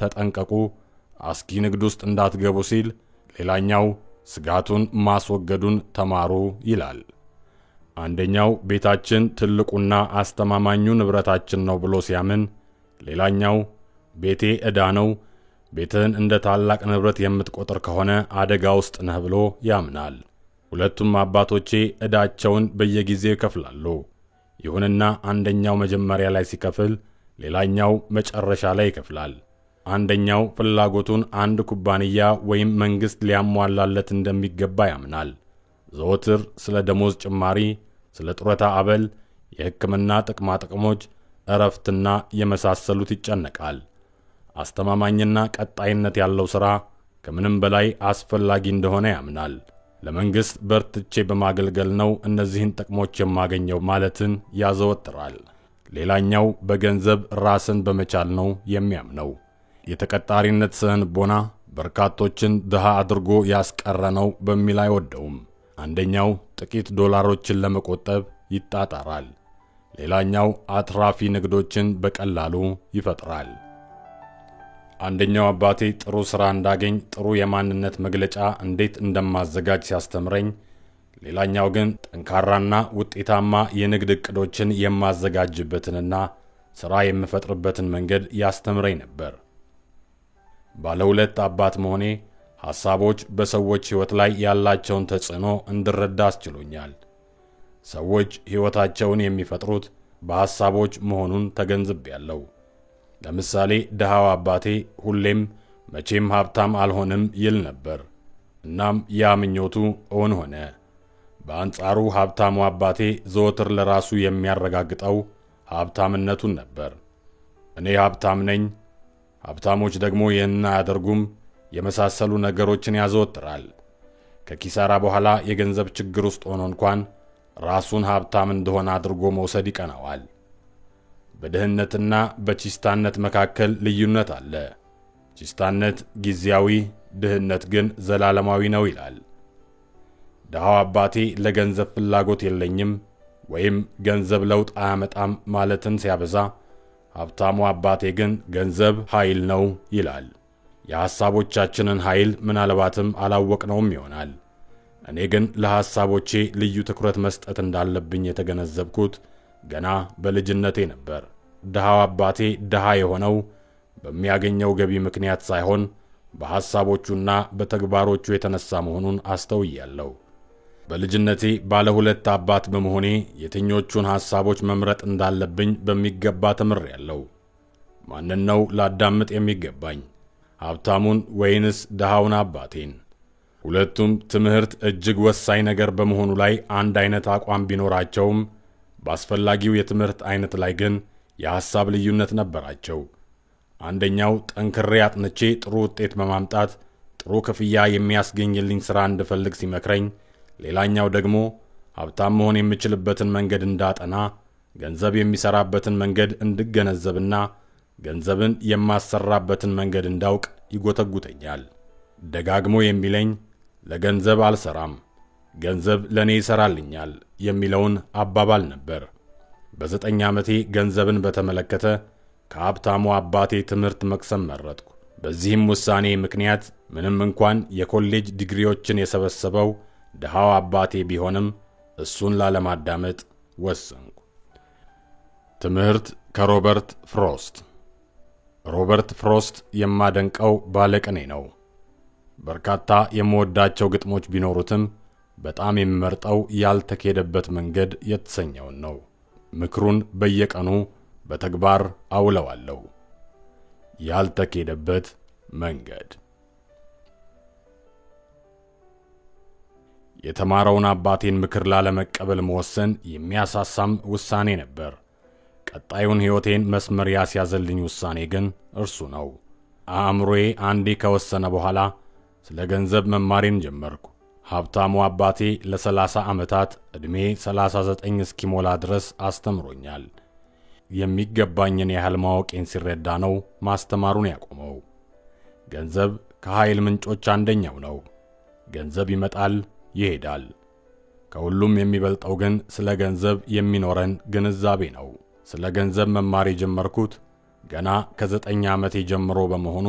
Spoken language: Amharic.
ተጠንቀቁ፣ አስጊ ንግድ ውስጥ እንዳትገቡ ሲል፣ ሌላኛው ስጋቱን ማስወገዱን ተማሩ ይላል። አንደኛው ቤታችን ትልቁና አስተማማኙ ንብረታችን ነው ብሎ ሲያምን፣ ሌላኛው ቤቴ ዕዳ ነው፣ ቤትህን እንደ ታላቅ ንብረት የምትቆጥር ከሆነ አደጋ ውስጥ ነህ ብሎ ያምናል። ሁለቱም አባቶቼ ዕዳቸውን በየጊዜው ይከፍላሉ። ይሁንና አንደኛው መጀመሪያ ላይ ሲከፍል፣ ሌላኛው መጨረሻ ላይ ይከፍላል። አንደኛው ፍላጎቱን አንድ ኩባንያ ወይም መንግሥት ሊያሟላለት እንደሚገባ ያምናል። ዘወትር ስለ ደሞዝ ጭማሪ፣ ስለ ጡረታ አበል፣ የሕክምና ጥቅማጥቅሞች፣ እረፍትና የመሳሰሉት ይጨነቃል። አስተማማኝና ቀጣይነት ያለው ሥራ ከምንም በላይ አስፈላጊ እንደሆነ ያምናል። ለመንግሥት በርትቼ በማገልገል ነው እነዚህን ጥቅሞች የማገኘው ማለትን ያዘወትራል። ሌላኛው በገንዘብ ራስን በመቻል ነው የሚያምነው። የተቀጣሪነት ስነልቦና በርካቶችን ድሃ አድርጎ ያስቀረ ነው በሚል አይወደውም። አንደኛው ጥቂት ዶላሮችን ለመቆጠብ ይጣጣራል፣ ሌላኛው አትራፊ ንግዶችን በቀላሉ ይፈጥራል። አንደኛው አባቴ ጥሩ ሥራ እንዳገኝ ጥሩ የማንነት መግለጫ እንዴት እንደማዘጋጅ ሲያስተምረኝ፣ ሌላኛው ግን ጠንካራና ውጤታማ የንግድ ዕቅዶችን የማዘጋጅበትንና ሥራ የምፈጥርበትን መንገድ ያስተምረኝ ነበር። ባለ ሁለት አባት መሆኔ ሐሳቦች በሰዎች ሕይወት ላይ ያላቸውን ተጽዕኖ እንድረዳ አስችሎኛል። ሰዎች ሕይወታቸውን የሚፈጥሩት በሐሳቦች መሆኑን ተገንዝቤያለሁ። ለምሳሌ ድሃው አባቴ ሁሌም መቼም ሀብታም አልሆንም ይል ነበር። እናም ያ ምኞቱ እውን ሆነ። በአንጻሩ ሀብታሙ አባቴ ዘወትር ለራሱ የሚያረጋግጠው ሀብታምነቱን ነበር። እኔ ሀብታም ነኝ ሀብታሞች ደግሞ ይህን አያደርጉም የመሳሰሉ ነገሮችን ያዘወትራል። ከኪሳራ በኋላ የገንዘብ ችግር ውስጥ ሆኖ እንኳን ራሱን ሀብታም እንደሆነ አድርጎ መውሰድ ይቀናዋል። በድህነትና በቺስታነት መካከል ልዩነት አለ። ቺስታነት ጊዜያዊ፣ ድህነት ግን ዘላለማዊ ነው ይላል። ድሃው አባቴ ለገንዘብ ፍላጎት የለኝም ወይም ገንዘብ ለውጥ አያመጣም ማለትን ሲያበዛ ሀብታሙ አባቴ ግን ገንዘብ ኃይል ነው ይላል። የሐሳቦቻችንን ኃይል ምናልባትም አላወቅነውም ይሆናል። እኔ ግን ለሐሳቦቼ ልዩ ትኩረት መስጠት እንዳለብኝ የተገነዘብኩት ገና በልጅነቴ ነበር። ድሃው አባቴ ድሃ የሆነው በሚያገኘው ገቢ ምክንያት ሳይሆን በሐሳቦቹና በተግባሮቹ የተነሳ መሆኑን አስተውያለሁ። በልጅነቴ ባለ ሁለት አባት በመሆኔ የትኞቹን ሐሳቦች መምረጥ እንዳለብኝ በሚገባ ያለው ማንን ነው ላዳምጥ የሚገባኝ? ሀብታሙን ወይንስ ድሃውን አባቴን? ሁለቱም ትምህርት እጅግ ወሳኝ ነገር በመሆኑ ላይ አንድ አይነት አቋም ቢኖራቸውም በአስፈላጊው የትምህርት አይነት ላይ ግን የሐሳብ ልዩነት ነበራቸው። አንደኛው ጠንክሬ አጥንቼ ጥሩ ውጤት በማምጣት ጥሩ ክፍያ የሚያስገኝልኝ ሥራ እንድፈልግ ሲመክረኝ ሌላኛው ደግሞ ሀብታም መሆን የምችልበትን መንገድ እንዳጠና ገንዘብ የሚሰራበትን መንገድ እንድገነዘብና ገንዘብን የማሰራበትን መንገድ እንዳውቅ ይጎተጉተኛል። ደጋግሞ የሚለኝ ለገንዘብ አልሰራም፣ ገንዘብ ለእኔ ይሰራልኛል የሚለውን አባባል ነበር። በዘጠኝ ዓመቴ ገንዘብን በተመለከተ ከሀብታሙ አባቴ ትምህርት መቅሰም መረጥኩ። በዚህም ውሳኔ ምክንያት ምንም እንኳን የኮሌጅ ዲግሪዎችን የሰበሰበው ድሃው አባቴ ቢሆንም እሱን ላለማዳመጥ ወሰንኩ። ትምህርት ከሮበርት ፍሮስት። ሮበርት ፍሮስት የማደንቀው ባለቅኔ ነው። በርካታ የምወዳቸው ግጥሞች ቢኖሩትም በጣም የምመርጠው ያልተኬደበት መንገድ የተሰኘውን ነው። ምክሩን በየቀኑ በተግባር አውለዋለሁ። ያልተኬደበት መንገድ የተማረውን አባቴን ምክር ላለመቀበል መወሰን የሚያሳሳም ውሳኔ ነበር። ቀጣዩን ሕይወቴን መስመር ያስያዘልኝ ውሳኔ ግን እርሱ ነው። አእምሮዬ አንዴ ከወሰነ በኋላ ስለ ገንዘብ መማሬን ጀመርኩ። ሀብታሙ አባቴ ለ30 ዓመታት ዕድሜ 39 እስኪሞላ ድረስ አስተምሮኛል። የሚገባኝን ያህል ማወቄን ሲረዳ ነው ማስተማሩን ያቆመው። ገንዘብ ከኃይል ምንጮች አንደኛው ነው። ገንዘብ ይመጣል፣ ይሄዳል። ከሁሉም የሚበልጠው ግን ስለ ገንዘብ የሚኖረን ግንዛቤ ነው። ስለ ገንዘብ መማር የጀመርኩት ገና ከዘጠኝ ዓመቴ ጀምሮ በመሆኑ